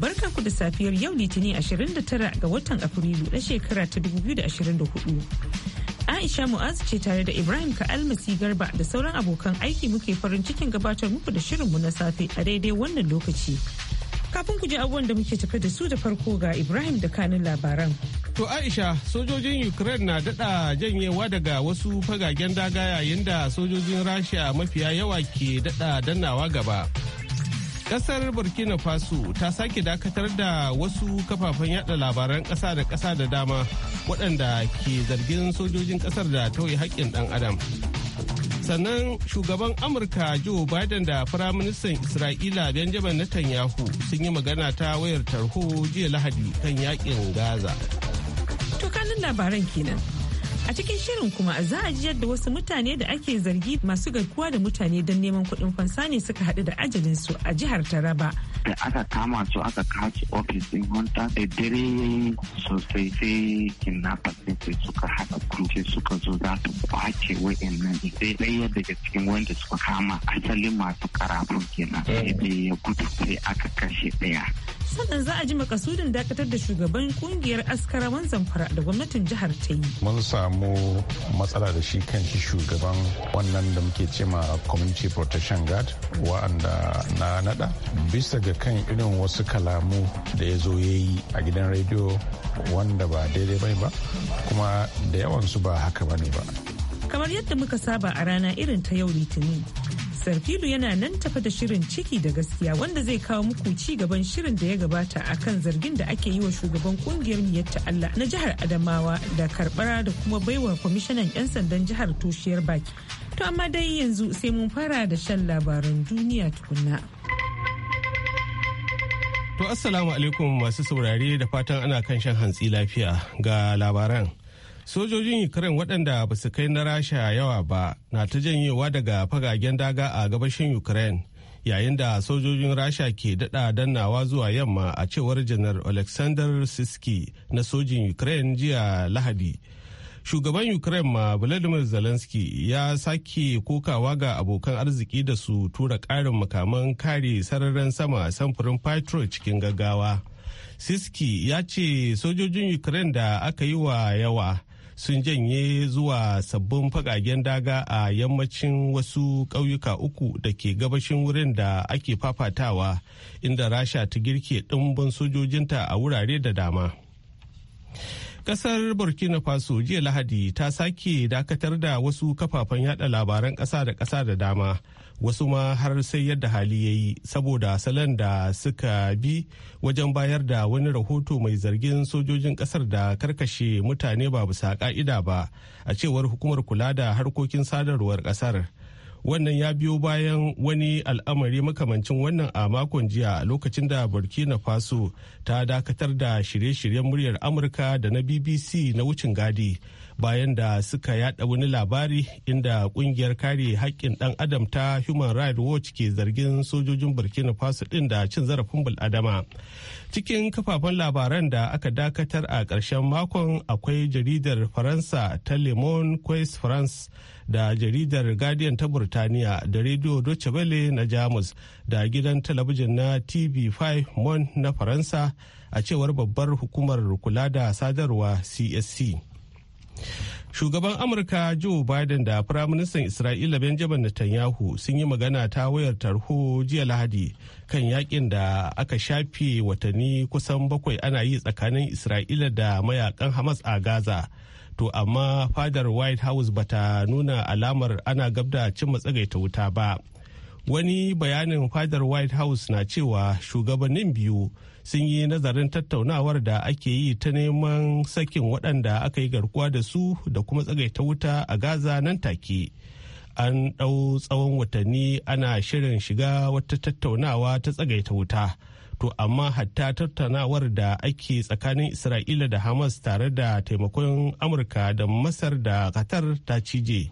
Barka ku da safiyar yau Litinin 29 ga watan Afrilu na shekara ta 2024. Aisha Mu'azu ce tare da Ibrahim Ka'almasi Garba da sauran abokan aiki muke farin cikin gabatar muku da shirin mu na safe a daidai wannan lokaci. Kafin ku ji abubuwan da muke tafe da su da farko ga Ibrahim da kanin labaran. To Aisha, sojojin Ukraine na dada janyewa daga wasu fagagen daga yayin da sojojin Rasha mafiya yawa ke dada dannawa gaba. Kasar Burkina Faso ta sake dakatar da wasu kafafen yada labaran kasa da kasa da dama waɗanda ke zargin sojojin kasar da tauye haƙƙin ɗan adam. Sannan shugaban Amurka Joe Biden da Firaministan Isra'ila Benjamin Netanyahu sun yi magana ta wayar tarho jiya Lahadi kan yakin Gaza. To kanin labaran kenan. A cikin shirin kuma za a ji yadda wasu mutane da ake zargi masu garkuwa da mutane don neman kuɗin fansa ne suka haɗu da ajalinsu a jihar Taraba da aka kama su aka kaci ofis din hunta da dare sosai sai kidnappers sai suka haɗa kuke suka zo za su kwace nan sai ɗaya daga cikin wanda suka kama asalin masu karafun kenan eh. sai ya gudu sai aka kashe ɗaya sannan za a ji makasudin dakatar da shugaban kungiyar askarawan zamfara da gwamnatin jihar ta yi. Mun samu matsala da shi kan shi shugaban wannan da muke cema community protection guard wa'anda na nada bisa ga kan irin wasu kalamu da ya zo ya yi a gidan rediyo wanda ba daidai bai ba kuma da yawansu ba haka ba ne ba kamar yadda muka saba a rana irin ta yau litinin sarfilu yana nan tafa da shirin ciki da gaskiya wanda zai kawo muku ci gaban shirin da ya gabata a kan zargin da ake yi wa shugaban kungiyar miyatta Allah na jihar Adamawa da karbara da kuma baiwa kwamishinan 'yan sandan jihar toshiyar baki. To amma dai yanzu sai mun fara da shan labaran duniya tukunna. To assalamu alaikum masu saurare da fatan ana kan shan hantsi lafiya ga labaran. Sojojin Ukraine waɗanda ba su kai na Rasha yawa ba na ta janyewa daga fagagen daga a gabashin Ukraine yayin da sojojin Rasha ke daɗa dannawa zuwa yamma a cewar janar Alexander Siski na sojin Ukraine jiya Lahadi. shugaban ukraine ma vladimir zelensky ya sake kokawa ga abokan arziki da su tura karin makaman kare sararin sama samfurin patriot cikin gaggawa siski ya ce sojojin ukraine da aka yi wa yawa sun janye zuwa sabbin fagagen daga a yammacin wasu ƙauyuka uku da ke gabashin wurin da ake fafatawa inda rasha ta girke ɗimbin sojojinta a wurare da dama Kasar Burkina Faso jiya Lahadi ta sake dakatar da wasu kafafen yada labaran kasa da kasa da dama, wasu ma har sai yadda hali ya yi saboda salon da suka bi wajen bayar da wani rahoto mai zargin sojojin kasar da karkashe mutane ba bisa ka'ida ba, a cewar hukumar kula da harkokin sadarwar kasar. wannan ya biyo bayan wani al'amari makamancin wannan a makon jiya lokacin da burkina faso ta dakatar da shirye-shiryen muryar amurka da na bbc na wucin gadi bayan da suka yada wani labari inda kungiyar kare haƙƙin ɗan adam ta human rights watch ke zargin sojojin burkina faso ɗin da cin zarafin bul'adama cikin kafafen labaran da aka dakatar a ƙarshen makon akwai jaridar faransa ta le monde quest france da jaridar guardian ta burtaniya da rediyo deutsche welle na jamus da gidan talabijin na tv5 mon na faransa a cewar babbar hukumar kula da sadarwa csc Shugaban Amurka Joe Biden da Firaministan Isra'ila Benjamin Netanyahu sun yi magana ta wayar tarho jiya Lahadi kan yakin da aka shafe watanni kusan bakwai ana yi tsakanin Isra'ila da mayakan Hamas a Gaza. To amma fadar White House bata nuna alamar ana gabda cin matsagaita wuta ba. wani bayanin fadar white house na cewa shugabannin biyu sun yi nazarin tattaunawar da ake yi ta neman sakin waɗanda aka yi garkuwa da su da kuma tsagaita wuta a gaza nan take an ɗau tsawon watanni ana shirin shiga wata tattaunawa ta tsagaita wuta to amma hatta tattaunawar da ake tsakanin isra'ila da hamas tare da taimakon amurka da masar da qatar ta cije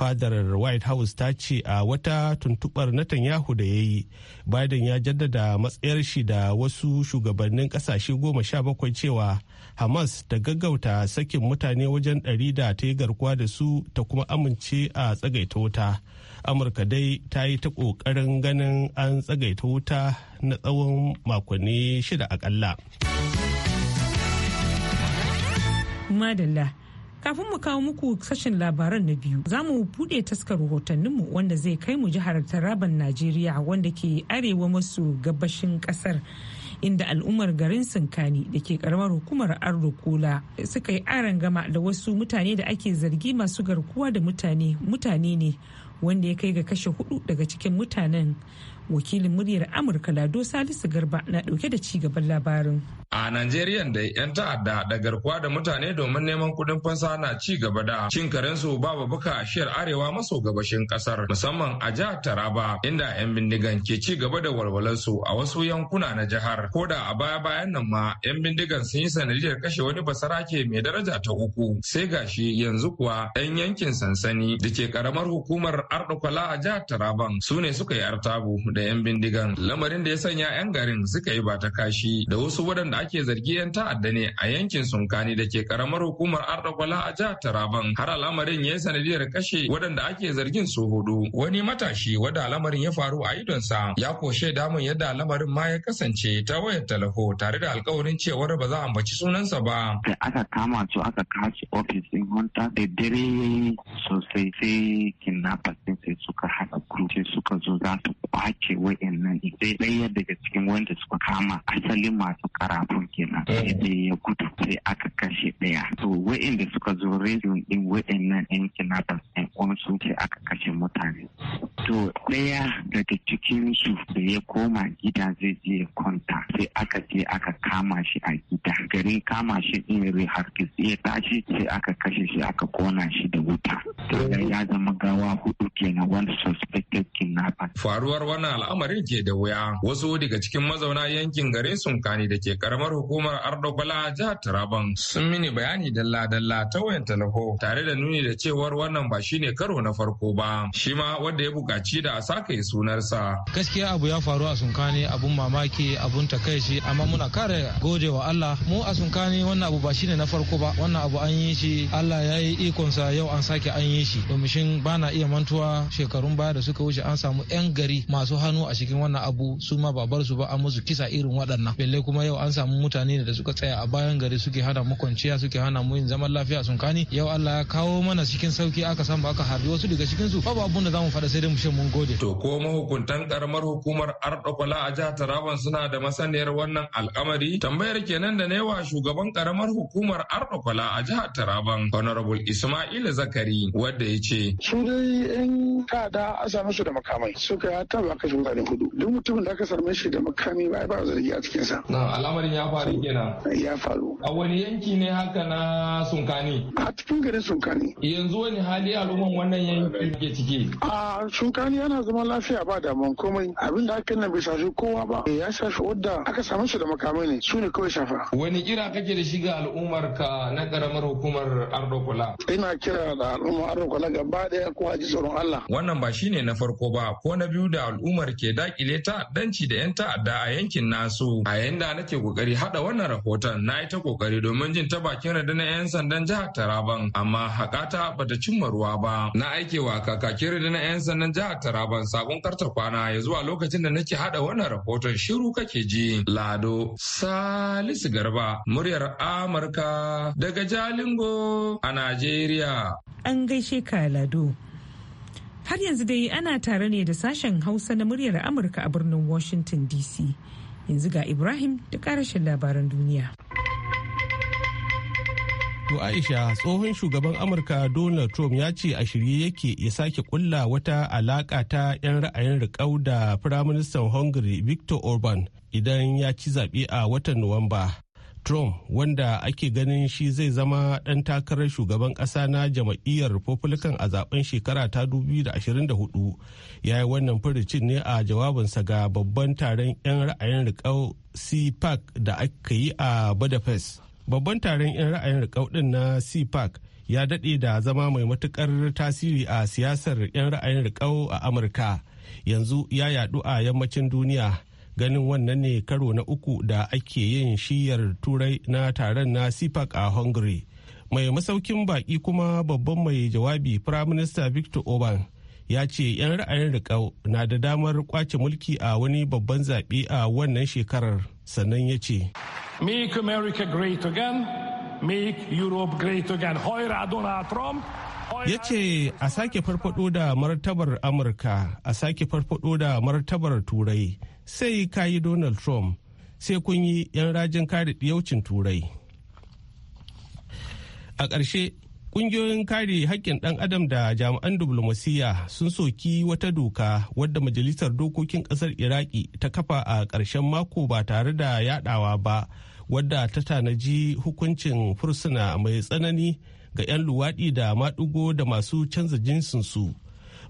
fadar white house ta ce a wata tuntubar natanyahu da ya yi biden ya jaddada matsayar shi da wasu shugabannin kasashe goma sha bakwai cewa hamas ta gaggauta sakin mutane wajen ɗari da ta yi garkuwa da su ta kuma amince a tsagaita wuta amurka dai ta yi ta ƙoƙarin ganin an tsagaita wuta na tsawon makonni shida akalla madalla Kafin mu kawo muku sashen labaran na biyu, za mu buɗe taskar rahotanninmu wanda zai kai mu jihar Taraban Najeriya wanda ke arewa maso gabashin ƙasar. inda al'ummar garin sinkani da ke karamar hukumar Kula suka yi gama da wasu mutane da ake zargi masu garkuwa da mutane mutane ne wanda ya kai ga kashe hudu daga cikin mutanen wakilin muryar amurka lado salisu garba na dauke da ci gaban labarin a najeriya da 'yan ta'adda da garkuwa da mutane domin neman kudin fansa na ci gaba da cin karensu babu buka shiyar arewa maso gabashin kasar musamman a jihar taraba inda 'yan bindigan ke ci gaba da walwalarsu a wasu yankuna na jihar ko da a baya bayan nan ma 'yan bindigan sun yi sanadiyar kashe wani basarake mai daraja ta uku sai gashi yanzu kuwa 'yan yankin sansani da ke karamar hukumar ardukwala a jihar taraban su ne suka yi artabu da da 'yan bindigan lamarin da ya sanya 'yan garin suka yi ba ta kashi da wasu waɗanda ake zargi 'yan ta'adda ne a yankin sunkani da ke karamar hukumar ardakwala a jihar taraban har al'amarin ya yi sanadiyar kashe waɗanda ake zargin su hudu wani matashi wadda lamarin ya faru a idonsa ya koshe damun yadda lamarin ma ya kasance ta wayar talako tare da alkawarin cewar ba za a ambaci sunansa ba. da aka kama su aka kashe ofis din hunta da dare sosai sai kidnappers din sai suka haɗa group sai suka zo za su kwace kashe wa'annan sai ɗaya daga cikin wanda suka kama asalin masu karafun kenan mm. sai ya gudu sai aka kashe ɗaya to wa'anda suka zo rediyon din wa'annan yan kinabas yan uwansu sai aka kashe mutane to ɗaya daga cikin su da ya koma gida zai je ya kwanta sai aka je aka kama shi a gida garin kama shi din sai ya tashi sai aka kashe shi aka kona shi da wuta ya zama gawa hudu kenan wanda suspected kidnapper faruwar wannan al'amarin ke da wuya. Wasu daga cikin mazauna yankin gare Sunkani da ke karamar hukumar Ardogola jihar Taraban sun mini bayani dalla-dalla ta wayan talaho tare da nuni da cewar wannan ba shine karo na farko ba. Shi ma wanda ya bukaci da a saka sunarsa. Gaskiya abu ya faru a Sunkani abun mamaki abun takaici amma muna kare gode wa Allah mu a Sunkani wannan abu ba shine na farko ba wannan abu an yi shi Allah ya yi ikonsa yau an sake an yi shi domin bana iya mantuwa shekarun baya da suka wuce an samu 'yan gari masu hannu a cikin wannan abu su ma ba bar su ba an musu kisa irin waɗannan belle kuma yau an samu mutane da suka tsaya a bayan gari suke hana mu kwanciya suke hana mu yin zaman lafiya sun kani yau Allah ya kawo mana cikin sauki aka samu aka harbi wasu daga cikin su babu abun da zamu faɗa sai dai mu ce mun gode to ko mahukuntan karamar hukumar Ardokola a jihar Taraban suna da masaniyar wannan al'amari tambayar kenan da newa shugaban karamar hukumar Ardokola a jihar Taraban Honorable Ismail Zakari wanda ya ce su dai yan kada a samu su da makamai suka taba kashin ba hudu duk mutumin da aka same shi da makami ba ba zargi a cikin sa na al'amarin ya faru kenan ya faru a wani yanki ne haka na sunkani a cikin garin sunkani yanzu wani hali al'umman wannan yanki ke ciki a sunkani yana zama lafiya ba damuwan komai abin da aka nan bai shafi kowa ba ya shafi wadda aka same shi da makamai ne su ne kawai shafa wani kira kake da shi ga al'ummar ka na karamar hukumar ardokola ina kira da al'ummar ardokola gaba daya ko a ji tsoron Allah wannan ba shine na farko ba ko na biyu da al'umma. al'ummar ke dakile ta'addanci da 'yan ta'adda a yankin nasu. A yayin da nake kokari hada wannan rahoton na yi ta kokari domin jin ta bakin rundunar 'yan sandan jihar Taraban amma hakata bata cimma ruwa ba. Na aike aikewa kakakin rundunar 'yan sandan jihar Taraban sabon karta kwana ya zuwa lokacin da nake hada wannan rahoton shiru kake ji. Lado Salisu Garba muryar Amurka daga Jalingo a Najeriya. An gaishe ka Lado. Har yanzu dai ana tare ne da sashen Hausa na muryar Amurka a birnin Washington DC. Yanzu ga Ibrahim da karashin labaran duniya. To Aisha tsohon shugaban Amurka Donald Trump ya ce a shirye yake ya sake kulla wata alaka ta 'yan ra'ayin riƙau da Firaministan Hungary Victor Orban idan ya ci zaɓe a watan Nuwamba. Trump wanda ake ganin shi zai zama ɗan takarar shugaban ƙasa na jam'iyyar Republican a zaben shekara ta 2024 ya yi wannan furicin ne a jawabinsa ga babban taron 'yan ra'ayin riƙau CPAC da aka yi a Budapest. Babban taron 'yan ra'ayin riƙau ɗin na CPAC ya daɗe da zama mai matukar tasiri a siyasar 'yan ra'ayin riƙau a Amurka. Yanzu ya yaɗu a yammacin duniya ganin wannan ne karo na uku da ake yin shiyar turai na taron na sipak a hungary mai masaukin baki kuma babban mai jawabi prime minister victor orban ya ce 'yan ra'ayin rikau na da damar kwace mulki a wani babban zaɓe a wannan shekarar sannan ya ce make america great again make europe great again hoira donald trump ya ce a sake farfado da martabar amurka a sake farfado da martabar turai sai kayi donald trump sai kun yi 'yan rajin kare yaucin turai a ƙarshe ƙungiyoyin kare haƙƙin ɗan adam da jami'an diflomasiyya sun soki wata doka wadda majalisar dokokin ƙasar iraki ta kafa a ƙarshen mako ba tare da yaɗawa ba wadda ta tanaji hukuncin fursuna mai tsanani ga 'yan luwaɗi da maɗigo da masu canza jinsinsu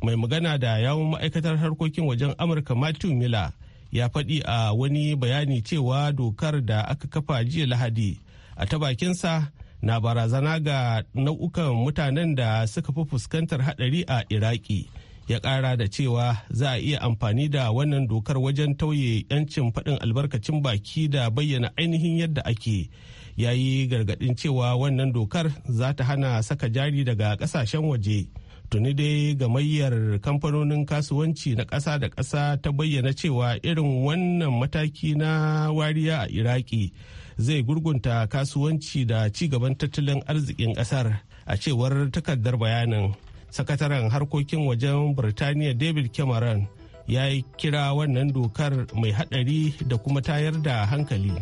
mai magana da yawon ma'aikatar harkokin wajen amurka matthew miller ya faɗi a wani bayani cewa dokar da aka kafa jiya lahadi a ta bakinsa na barazana ga nau'ukan mutanen da suka fi fuskantar haɗari a iraki ya ƙara da cewa za a iya amfani da wannan dokar wajen tauye 'yancin faɗin albarkacin baki da bayyana ainihin yadda ake ya yi gargaɗin cewa wannan dokar za ta hana saka jari daga ƙasashen waje tuni dai ga gamayyar kamfanonin kasuwanci na ƙasa da ƙasa ta bayyana cewa irin wannan mataki na wariya a iraki zai gurgunta kasuwanci da ci gaban tattalin arzikin ƙasar a cewar takardar bayanin sakataren harkokin wajen birtaniya david cameron ya yi kira wannan dokar mai haɗari da kuma tayar da hankali.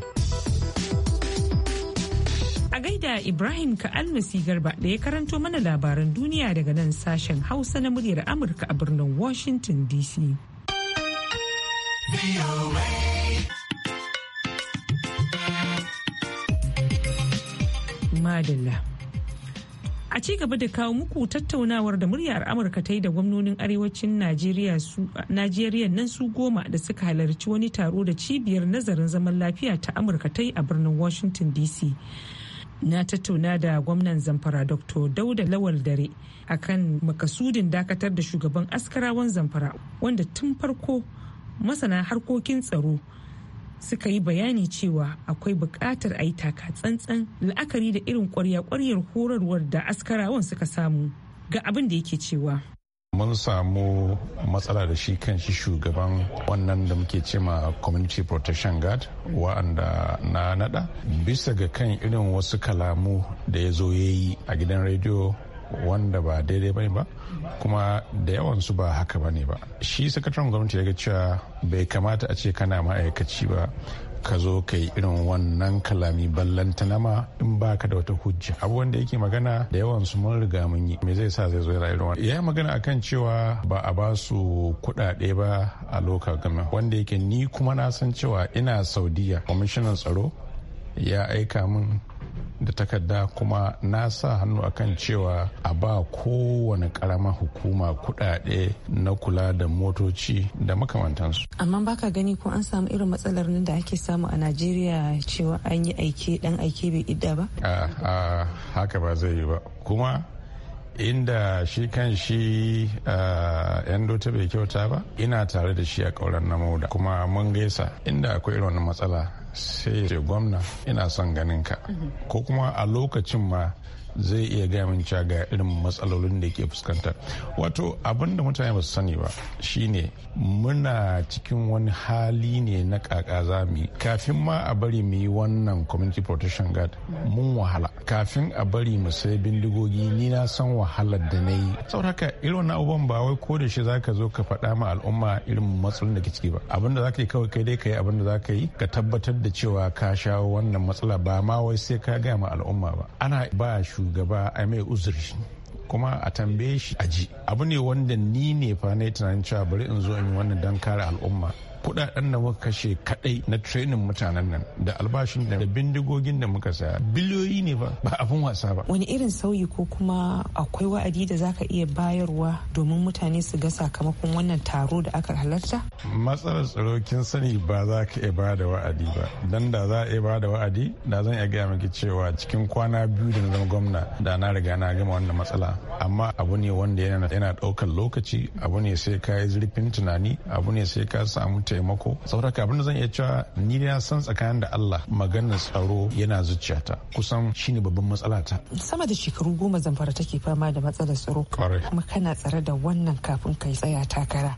da Ibrahim Ka'almasi Garba da ya karanto mana labaran duniya daga nan sashen Hausa na muryar Amurka a birnin Washington DC. Madalla. A ci gaba da kawo muku tattaunawar da muryar Amurka ta yi da gwamnonin arewacin Najeriya nan su goma da suka halarci wani taro da cibiyar nazarin zaman lafiya ta Amurka ta yi a birnin Washington DC. na tattauna da gwamnan zamfara dr dauda lawal dare akan makasudin dakatar da shugaban askarawan zamfara wanda tun farko masana harkokin tsaro suka yi bayani cewa akwai bukatar a yi taka tsantsan la'akari da irin kwarya-kwaryar horarwar da askarawan suka samu ga abin da yake cewa mun samu matsala da shi kan shi shugaban wannan da muke cema community protection guard wa'anda na nada bisa ga kan irin wasu kalamu da ya zo ya yi a gidan rediyo wanda ba daidai bane ba kuma da yawan su ba haka bane ba shi sakataren gwamnati ya ga cewa bai kamata a ce kana ma'aikaci ba ka zo ka yi irin wannan kalami ballantana nama in baka da wata hujja abubuwan da yake magana da yawan su mun riga mun yi me zai sa zai zo ya irin wannan ya magana akan cewa ba a ba su kuɗaɗe ba a lokacin gama wanda yake ni kuma na san cewa ina saudiya kwamishinan tsaro ya aika min da takarda kuma na sa hannu akan cewa a ba kowane karama hukuma kudade na kula da motoci da makamantansu. Amma baka gani ko an samu irin matsalar nan da ake samu a Najeriya cewa an yi aike dan aike bai idda ba? A haka ba zai yi ba. Kuma inda shi kan shi yan dota bai kyauta ba ina tare da shi a kauran na mauda kuma mun gaisa inda akwai irin matsala sai ya gwamna ina son ganin ka mhm. ko kuma a lokacin ma zai iya gaya min cewa ga irin matsalolin da ke fuskanta wato abin da mutane ba su sani ba shine muna cikin wani hali ne na kaka zami kafin ma a bari mu yi wannan community protection guard mun wahala kafin a bari mu sai bindigogi ni na san wahalar da na yi haka irin na uban ba wai ko da shi zaka zo ka faɗa ma al'umma irin matsalolin da ke ciki ba abin da zaka yi kawai kai dai ka yi abin da zaka yi ka tabbatar da cewa ka shawo wannan matsala ba ma wai sai ka gaya ma al'umma ba ana ba shugaba a mai uzuri kuma a tambaye shi aji abu ne wanda ni ne fa na tunanin cewa bari in zo in yi wannan don kare al'umma kudaden da muka kashe kadai na training mutanen nan da albashin da bindigogin da muka saya biliyoyi ne ba ba abin wasa ba wani irin sauyi ko kuma akwai wa'adi da zaka iya bayarwa domin mutane su ga sakamakon wannan taro da aka halarta matsalar tsaro kin sani ba za ka iya bada wa'adi ba dan da za a iya bada wa'adi da zan iya gaya miki cewa cikin kwana biyu da na zama gwamna da na riga na gama wannan matsala amma abu ne wanda yana ɗaukar lokaci abu ne sai ka yi zurfin tunani abu ne sai ka samu taimako sauraka abin da zan iya cewa ni na san tsakanin da Allah maganar tsaro yana zuciyata kusan shine babban matsala ta sama da shekaru goma zamfara take fama da matsalar tsaro kuma kana tsare da wannan kafin kai tsaya takara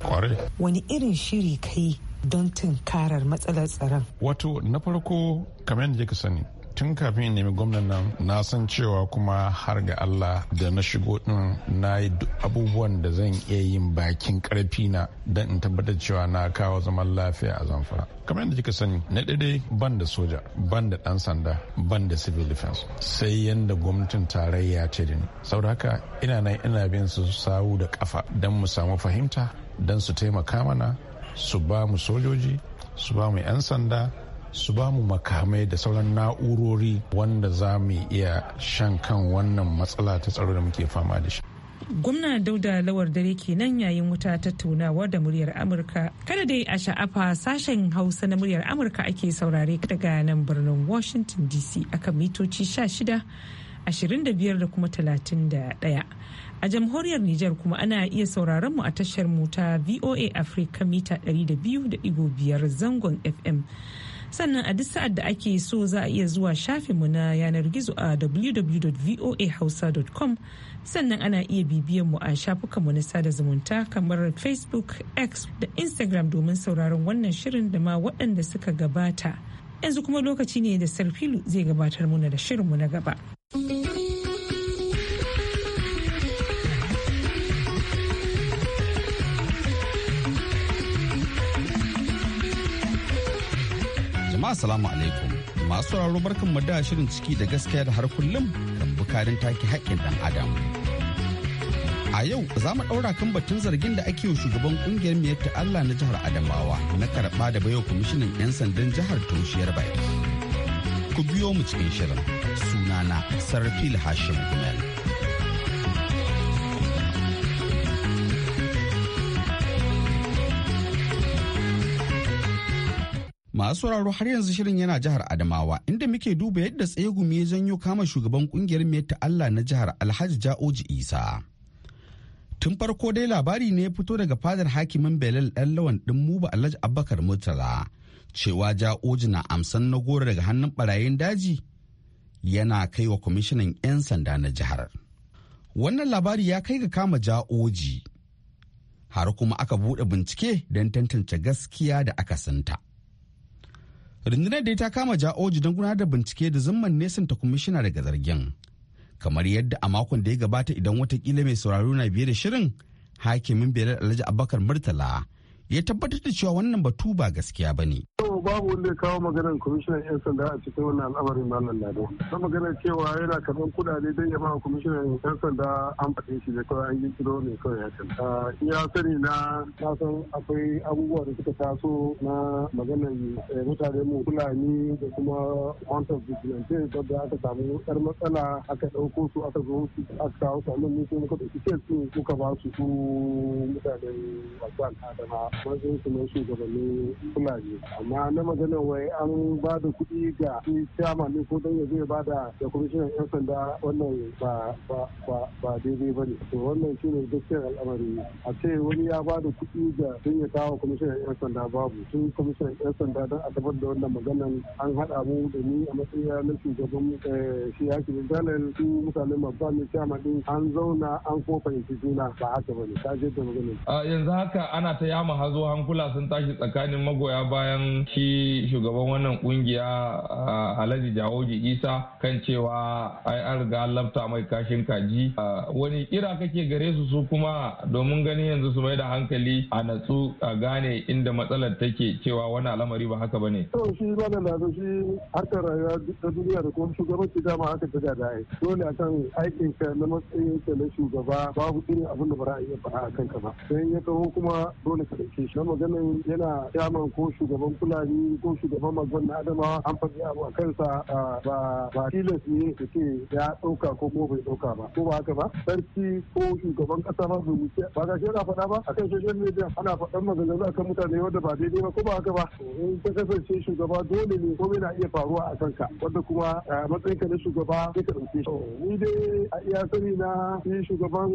wani irin shiri kai don tunkarar matsalar tsaron wato na farko kamar yadda ka sani tun kafin in nemi gwamnan nan na san cewa kuma har ga Allah da na shigo din na yi abubuwan da zan iya yin bakin karfi na don in tabbatar cewa na kawo zaman lafiya a zamfara kamar yadda kika sani na daidai ban da soja ban da dan sanda ban da civil defense sai yadda gwamnatin tarayya ce da ni saboda haka ina nan ina bin su sawu da kafa don mu samu fahimta don su taimaka mana su ba mu sojoji su ba mu 'yan sanda su ba mu makamai da sauran na'urori wanda za mu iya shan kan wannan matsala ta tsaro da muke fama da shi gwamna dauda lawar dare kenan yayin wuta tattaunawa da muryar amurka kada dai a sha'afa sashen hausa na muryar amurka ake saurare daga nan birnin washington dc akan mitoci 16 da kuma 31 a jamhuriyar nijar kuma ana iya sauraron mu a tashar mu ta voa africa mita 200.5 zangon fm sannan a duk sa'ad da ake so za a iya zuwa shafinmu na yanar gizo a www.voahausa.com sannan ana iya bibiyan mu a shafukanmu na sada zumunta kamar facebook x da instagram domin sauraron wannan shirin da ma waɗanda suka gabata yanzu kuma lokaci ne da sarfilu zai gabatar muna da shirinmu na gaba. assalamu alaikum masu sauraro barkan mu shirin ciki da gaskiya da har kullum kan bukarin take haƙƙin dan adam a yau za mu ɗaura kan batun zargin da ake yi shugaban ƙungiyar miyar Allah na jihar adamawa na karɓa da bayo kwamishinan 'yan sandan jihar toshiyar baki ku biyo mu cikin shirin sunana sarfil hashim gumel Masu sauraro har yanzu shirin yana jihar Adamawa inda muke duba yadda tsegumi ya janyo kama shugaban kungiyar ta Allah na jihar Alhaji Ja'oji Isa. Tun farko dai labari ne ya fito daga fadar hakimin Belal ɗan lawan ɗin Muba Alhaji Abubakar Murtala cewa Ja'oji na amsan na goro daga hannun barayin daji yana kai wa kwamishinan 'yan sanda na jihar. Wannan labari ya kai ga kama Ja'oji har kuma aka buɗe bincike don tantance gaskiya da akasinta. rundunar da ta kama ja'oji don gudanar da bincike da zumman ta kwamishina daga zargin kamar yadda a makon da ya gabata idan watakila mai sauraro na biye da shirin hakimin belar alhaji abakar murtala ya tabbatar da cewa wannan batu ba gaskiya ba ne. babu wanda ya kawo maganar kwamishinan 'yan sanda a cikin wannan al'amarin malam lado ta maganar cewa yana karɓar kuɗaɗe don ya ba kwamishinan 'yan sanda an faɗe shi ne kawai an yi kiro ne kawai hakan ah, ya sani na san akwai abubuwa da suka taso na maganar eh, mutane mu fulani da kuma kwantar vigilante da aka samu yar matsala aka ɗauko su aka zo su aka kawo su annan mutum muka ɗauki kes su suka ba su su mutanen wasu al'adama wajen su na shugabannin fulani amma na magana wai an ba da kuɗi ga shama ne ko don ya ba da da kwamishinan 'yan sanda wannan ba daidai ba ne. To wannan shi ne gaskiyar al'amari. A ce wani ya ba da kuɗi ga don ya kawo kwamishinan 'yan sanda babu. Tun kwamishinan 'yan sanda don a tabbatar da wannan maganan an haɗa mu da ni a matsayin na shugaban eh, shi ke dalilin su mutane mabba mai shama ɗin an zauna an ko fahimci juna ba haka ba ne. ta je da maganin. Yanzu haka ana ta yama hazo hankula sun tashi tsakanin magoya bayan shi shi shugaban wannan kungiya ah, alhaji jawoji isa kan cewa ai an riga lafta mai kashin kaji ah, wani kira kake gare su su kuma domin ganin yanzu su mai da hankali a natsu a gane inda matsalar take cewa wani al'amari ba haka bane to shi ba da lazo shi harkar rayuwa ta duniya da kuma shugabanci dama haka ta ga dai dole akan aikin ka na matsayin ka na shugaba babu irin abin da ba za a iya faɗa a ka ba sai ya kawo kuma dole ka dauke shi magana yana kyaman ko shugaban kula fulani ko shugaban mazan na adama an faɗi abu a kansa ba ba tilas ne da ce ya ɗauka ko ko bai ɗauka ba ko ba haka ba sarki ko shugaban ƙasa ba bai wuce ba ga shi faɗa ba akan social media ana faɗan maganganu akan mutane wanda ba daidai ba ko ba haka ba in ka kasance shugaba dole ne ko na iya faruwa a kanka wanda kuma matsayinka na shugaba sai ka ɗauke shi ni dai a iya sani na shi shugaban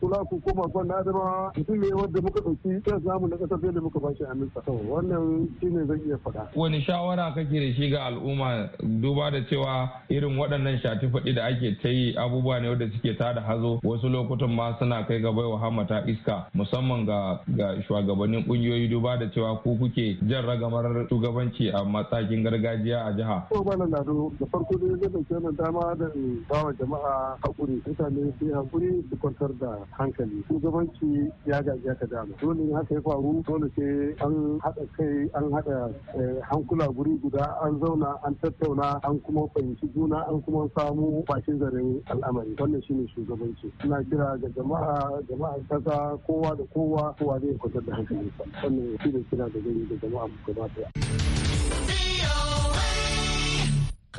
kulaku eh, ko mazan na adama mutum ne wanda muka ɗauki kan samu na ƙasar da muka ba shi aminsa wannan shine zan iya faɗa. Wani shawara kake da shi ga al'umma duba da cewa irin waɗannan shati faɗi da ake ta yi abubuwa ne wanda suke tada hazo wasu lokutan ma suna kai ga baiwa hamata iska musamman ga ga shugabannin ƙungiyoyi duba da cewa ku kuke jan ragamar shugabanci a matsakin gargajiya a jiha. Ko ba na lado da farko ne zan dauke na dama da bawa jama'a hakuri mutane sai hakuri su kwantar da hankali shugabanci ya gaji ka dama dole ne haka ya faru dole sai an haɗa kai an haɗa an eh, hankula guri guda an zauna an tattauna an kuma fahimci juna an kuma samu fashin zaren al'amari wannan shine shugabanci ina kira ga jama'a jama'a kasa kowa da kowa kowa zai kwatar da hankalinsa wannan shine kira da gani da jama'a gaba daya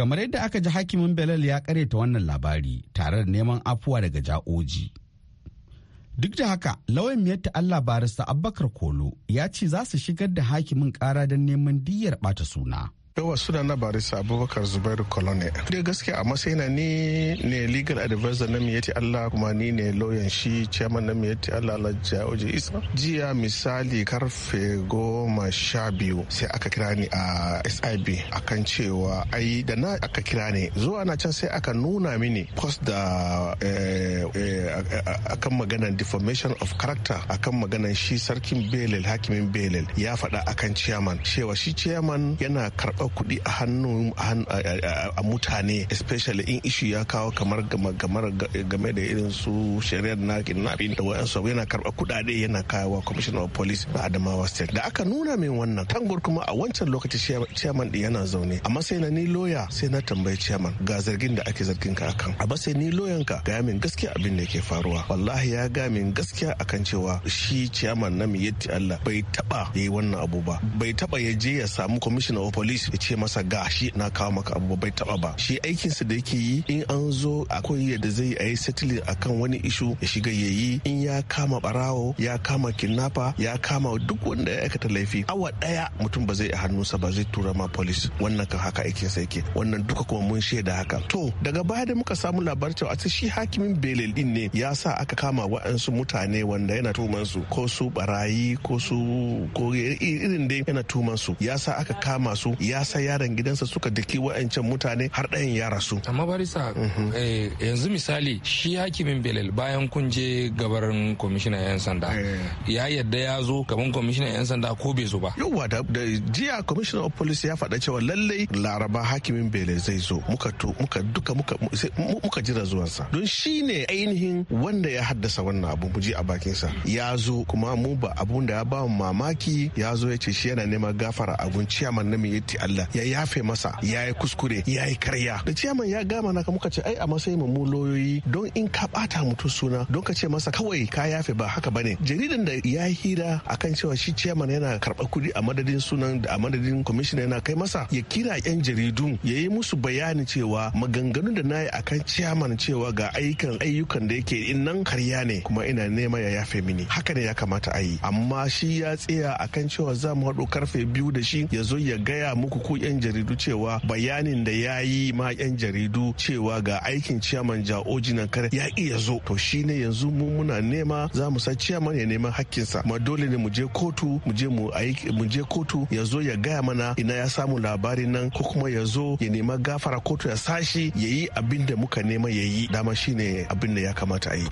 kamar yadda aka ji hakimin belal ya ta wannan labari tare da neman afuwa daga ja'oji Duk da haka, lauyan miyar Allah barista Abubakar Kolo ya ce za su shigar da hakimin ƙara don neman diyyar ɓata suna. yawa suna na barisa abubakar zubairu colonel dai gaskiya a matsayina ni ne legal advisor na miyati allah kuma ni ne lauyan shi chairman na miyati allah alhaji oje isa jiya misali karfe goma sha biyu sai aka kira ni a sib akan cewa ai da na aka kira ni zuwa na can sai aka nuna mini post da eh, eh, akan maganan defamation of character akan maganan shi sarkin belel hakimin belel ya faɗa akan chairman cewa shi chairman yana karɓar karɓar kuɗi a hannun a mutane especially in ishu ya kawo kamar game da irin su shari'ar na kidnapping da wayansu yana karba kuɗaɗe yana kawo commissioner of police na adamawa state da aka nuna min wannan tangor kuma a wancan lokaci chairman din yana zaune amma sai na ni loya sai na tambayi chairman ga zargin da ake zargin ka akan amma sai ni loyan ka ga min gaskiya abin da yake faruwa wallahi ya ga min gaskiya akan cewa shi chairman na yatti Allah bai taba yayi wannan abu ba bai taba ya je ya samu commissioner of police ya ce masa gashi. shi na kawo maka abu bai taba ba shi aikinsa da yake yi in an zo akwai yadda zai yi settling akan wani ishu ya shiga ya yi in ya kama barawo ya kama kinnafa. ya kama duk wanda ya aikata laifi awa daya mutum ba zai a hannunsa ba zai tura ma police wannan kan haka aikinsa yake wannan duka kuma mun shaida haka to daga baya da muka samu labarin cewa a shi hakimin belel din ne ya sa aka kama wa'ansu mutane wanda yana tuman su ko su barayi ko su ko irin dai yana tuman su ya sa aka kama su ya ya sa yaron gidansa suka daki wa'ancan mutane har ɗayan ya rasu amma barisa mhm. eh, yanzu misali shi hakimin belal bayan kun je gabarin kwamishinan yan sanda eh. ya yadda ya zo gaban kwamishinan yan sanda ko bai zo ba yauwa da jiya kwamishinan of police ya faɗa cewa lallai laraba hakimin belal zai zo muka to muka duka muka muka jira zuwansa don shi ne ainihin wanda ya haddasa wannan abu mu ji a bakinsa ya zo kuma mu ba abun da ya ba mamaki ya zo ya ce shi yana neman gafara abun ciyaman na mai Allah ya yafe masa ya yi kuskure ya yi karya da ciyaman ya gama na muka ce ai a masai mu loyoyi don in ka bata mutum suna don ka ce masa kawai ka yafe ba haka bane jaridan da ya hira akan cewa shi ciyaman yana karɓar kuɗi a madadin sunan da a madadin kwamishina yana kai masa ya kira yan jaridun ya yi musu bayani cewa maganganun da na yi akan ciyaman cewa ga ayyukan ayyukan da yake in nan karya ne kuma ina nema ya yafe mini haka ne ya kamata a yi amma shi ya tsaya akan cewa za mu haɗo karfe biyu da shi ya zo ya gaya muku ko 'yan jaridu cewa bayanin da ya yi ma 'yan jaridu cewa ga aikin ciyaman jao nan kare ya iya zo to shi ne yanzu mu muna nema za mu san ciyaman ya neman hakkinsa ma dole ne mu je kotu mu je mu mu je kotu ya zo ya gaya mana ina ya samu labarin nan ko kuma ya zo ya nema gafara kotu ya sashi ya yi abin da muka nema ya yi dama ne abin da ya kamata a yi.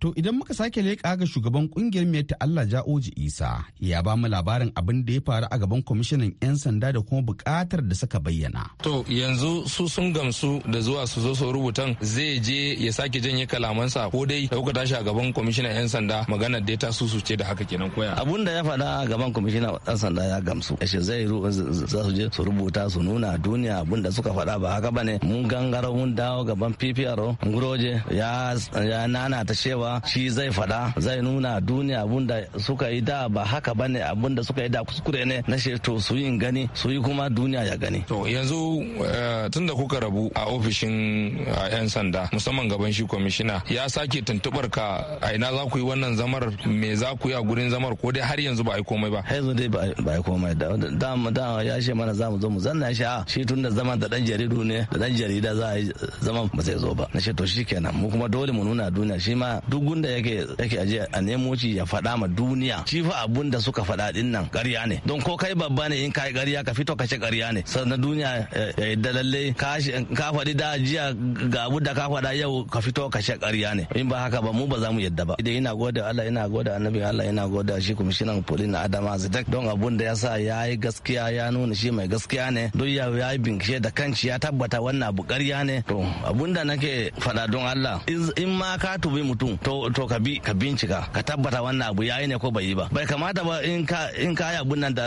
To idan muka sake leƙa ga shugaban kungiyar mai ta Allah Ja'oji Isa ya ba mu labarin abin da ya faru a gaban kwamishinan 'yan sanda da kuma buƙatar da suka bayyana. To yanzu su sun gamsu da zuwa su zo su rubutan zai je ya sake janye kalamansa ko dai da kuka tashi a gaban kwamishinan 'yan sanda maganar da ta susu ce da haka kenan koya. Abun da ya faɗa a gaban kwamishinan 'yan sanda ya gamsu. Shi zai za su je su rubuta su nuna duniya abun da suka faɗa ba haka bane mun gangara mun dawo gaban PPR Nguroje ya nana ta cewa cewa shi zai fada zai nuna duniya abun da suka yi da ba haka ba ne abun da suka yi da kuskure ne na to su yi gani su yi kuma duniya ya gani. to yanzu eh, tun da kuka rabu a ofishin eh, yan sanda musamman gaban shi kwamishina ya sake tuntubar ka a ina za ku yi wannan zamar me za ku yi a gurin zamar ko dai har yanzu ba a yi komai ba. yanzu dai ba a yi komai da da ya ce mana za mu zo mu zanna shi a ah, shi tun da zaman da dan jaridu ne da dan jarida za a yi zaman ba zai zo ba na shi to shi kenan mu kuma dole mu nuna duniya shi ma duk gunda yake yake aje a nemo shi ya faɗa ma duniya shi fa abun da suka faɗa din nan ƙarya ne don ko kai babba ne in kai ƙarya ka fito ka ce ƙarya ne sannan duniya eh, ya yadda lalle ka faɗi da jiya ga abu da ka faɗa yau ka fito ka ce ƙarya ne in ba haka ba mu ba za mu yadda ba idan ina gode Allah ina gode annabi Allah ina gode shi kwamishinan polin na Adama Zidak don abun da ya sa ya yi gaskiya ya nuna shi mai gaskiya ne duk ya yi bincike da kanci ya tabbata wannan abu ƙarya ne to abun da nake faɗa don Allah in ma ka tubi mutum to to ka bi ka bincika ka tabbata wannan abu yayi ne ko bai yi ba bai kamata ba in ka in ka yi abun nan da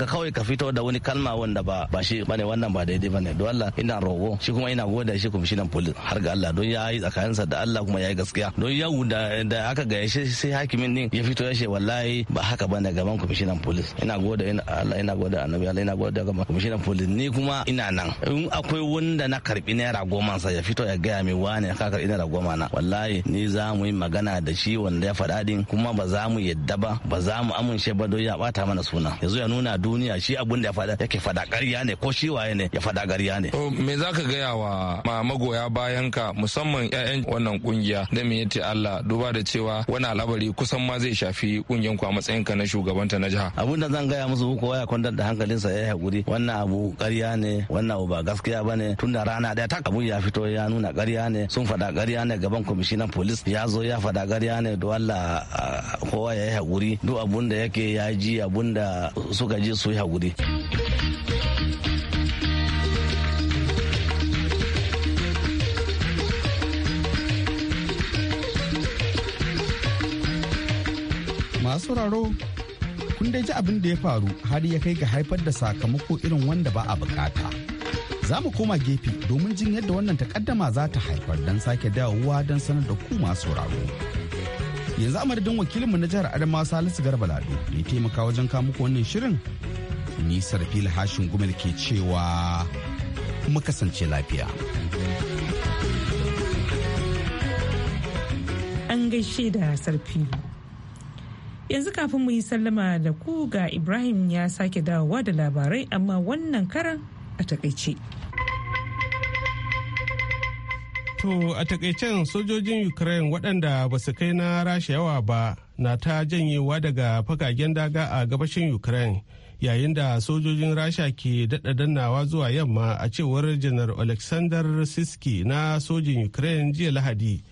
ka kawai ka fito da wani kalma wanda ba ba shi bane wannan ba daidai bane don Allah ina rogo shi kuma ina goda shi kuma nan police har ga Allah don yayi sa da Allah kuma yayi gaskiya don yau da da aka shi sai hakimin din ya fito ya ce wallahi ba haka bane gaban nan police ina goda ina Allah ina goda annabi Allah ina goda gaban nan police ni kuma ina nan in akwai wanda na karbi naira goma sa ya fito ya gaya mai wani ka karbi naira goma na wallahi ni za mu yi magana da shi wanda ya faɗa din kuma ba za mu yadda ba ba za mu amince ba don ya bata mana suna yanzu ya nuna duniya shi abun da ya faɗa yake faɗa ƙarya ne ko shi waye ne ya faɗa ƙarya ne. me za ka gaya wa ma magoya bayan ka musamman 'ya'yan wannan kungiya da me yace Allah duba da cewa wani alabari kusan ma zai shafi kungiyan ku a matsayin ka na shugabanta na jiha. abin da zan gaya musu kowa ya kwantar da hankalinsa ya haƙuri wannan abu ƙarya ne wannan abu ba gaskiya ba ne tun da rana ɗaya ta abu ya fito ya nuna ƙarya ne sun faɗa ƙarya ne gaban kwamishinan polis ya zo zo ya faɗa ƙarya ne da kowa ya yi haƙuri duk abun da yake ya ji abun da suka ji su yi haƙuri. masu raro kun dai ji abin da ya faru har ya kai ga haifar da sakamako irin wanda ba a bukata. za mu koma gefe domin jin yadda wannan takaddama za ta haifar don sake dawowa don sanar da ku masu sauraro. Yanzu a madadin wakilinmu na jihar Adama Salisu Garba Lado ne taimaka wajen muku wannan shirin. Ni Sarfil Hashin Gumel ke cewa mu kasance lafiya. An gaishe da sarfi. Yanzu kafin mu yi sallama da ku ga Ibrahim ya sake dawowa da labarai amma wannan karan a takaice. To a takaicen sojojin Ukraine waɗanda ba su kai na rasha yawa ba na ta janyewa daga fagagen daga a gabashin Ukraine yayin da sojojin rasha ke daɗa dannawa zuwa yamma a cewar janar Alexander Siski na sojin Ukraine jiya Lahadi.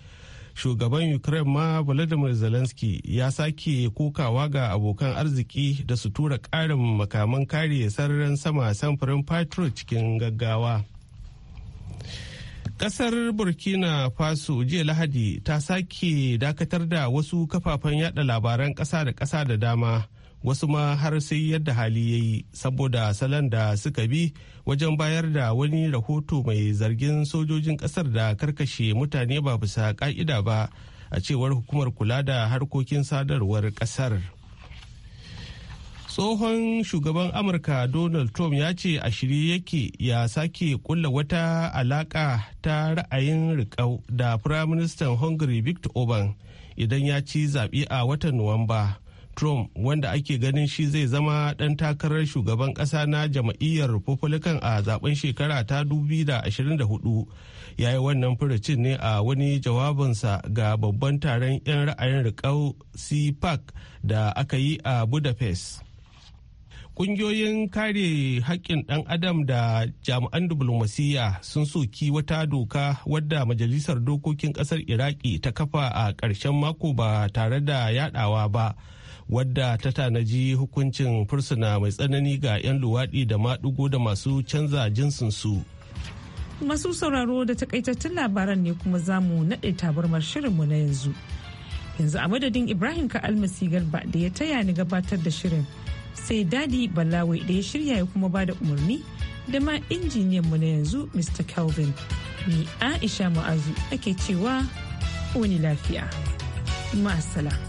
Shugaban Ukraine ma Volodymyr Zelensky ya sake kokawa ga abokan arziki da su tura ƙarin makaman kare sararin sama samfurin Patriot cikin gaggawa. Ƙasar Burkina Faso jiya Lahadi ta sake dakatar da wasu kafafen yada labaran ƙasa da ƙasa da dama wasu ma har sai yadda hali ya yi saboda salon da suka bi wajen bayar da wani rahoto mai zargin sojojin ƙasar da karkashe mutane ba bisa ƙa'ida ba a cewar hukumar kula da harkokin sadarwar ƙasar. tsohon shugaban amurka donald trump ya ce a shirye yake ya sake kulla wata alaka ta ra'ayin rikau da firaministan hungary victor orban idan ya ci zaɓe a watan nuwamba trump wanda ake ganin shi zai zama ɗan takarar shugaban ƙasa na jam'iyyar republican a zaben shekara ta 2024 ya yi wannan furucin ne a wani jawabinsa ga babban taron 'yan ra'ayin rikau cpac da aka yi a budapest Ƙungiyoyin kare haƙƙin ɗan adam da jami'an diflomasiyya sun soki wata doka wadda Majalisar Dokokin ƙasar Iraki ta kafa a ƙarshen mako ba tare da yaɗawa ba, wadda ta tanaji hukuncin fursuna mai tsanani ga 'yan luwaɗi da maɗigo da masu canza jinsinsu. Masu sauraro da takaitattun labaran ne kuma za mu naɗe tabarmar shirinmu na yanzu. Yanzu a madadin Ibrahim Ka'almasi Garba da ya taya ni gabatar da shirin. sai dadi balawe da ya shirya ya kuma bada umarni da ma injiniyan mu na yanzu mr calvin ni aisha ma'azu ake cewa wani lafiya ma'asala.